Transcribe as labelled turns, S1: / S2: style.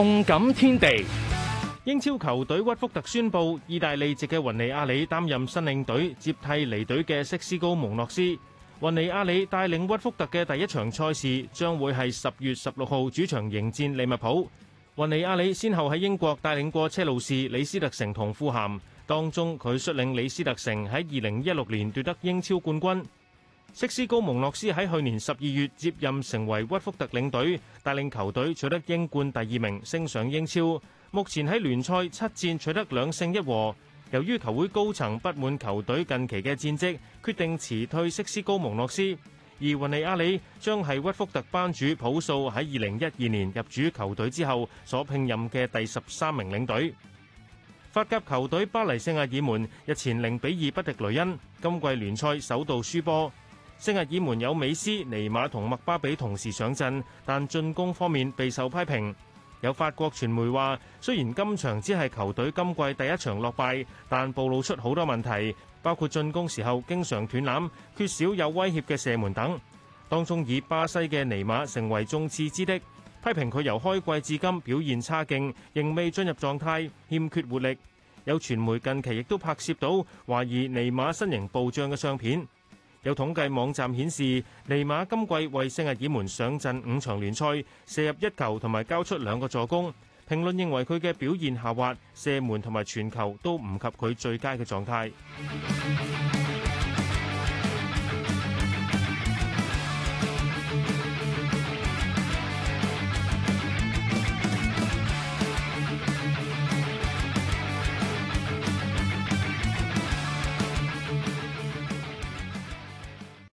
S1: 動感天地，英超球隊屈福特宣布，意大利籍嘅雲尼亞里擔任新領隊，接替離隊嘅悉斯高蒙諾斯。雲尼亞里帶領屈福特嘅第一場賽事將會係十月十六號主場迎戰利物浦。雲尼亞里先後喺英國帶領過車路士、李斯特城同富咸，當中佢率領李斯特城喺二零一六年奪得英超冠軍。悉斯高蒙諾斯喺去年十二月接任成為屈福特領隊，帶領球隊取得英冠第二名，升上英超。目前喺聯賽七戰取得兩勝一和。由於球會高層不滿球隊近期嘅戰績，決定辭退悉斯高蒙諾斯。而云尼亞里將係屈福特班主普素喺二零一二年入主球隊之後所聘任嘅第十三名領隊。法甲球隊巴黎聖亞爾門日前零比二不敵雷恩，今季聯賽首度輸波。聖日耳門有美斯、尼馬同麥巴比同時上陣，但進攻方面備受批評。有法國傳媒話，雖然今場只係球隊今季第一場落敗，但暴露出好多問題，包括進攻時候經常斷纜，缺少有威脅嘅射門等。當中以巴西嘅尼馬成為眾矢之的，批評佢由開季至今表現差勁，仍未進入狀態，欠缺活力。有傳媒近期亦都拍攝到懷疑尼馬身形暴漲嘅相片。有統計網站顯示，尼馬今季為聖日爾門上陣五場聯賽，射入一球同埋交出兩個助攻。評論認為佢嘅表現下滑，射門同埋傳球都唔及佢最佳嘅狀態。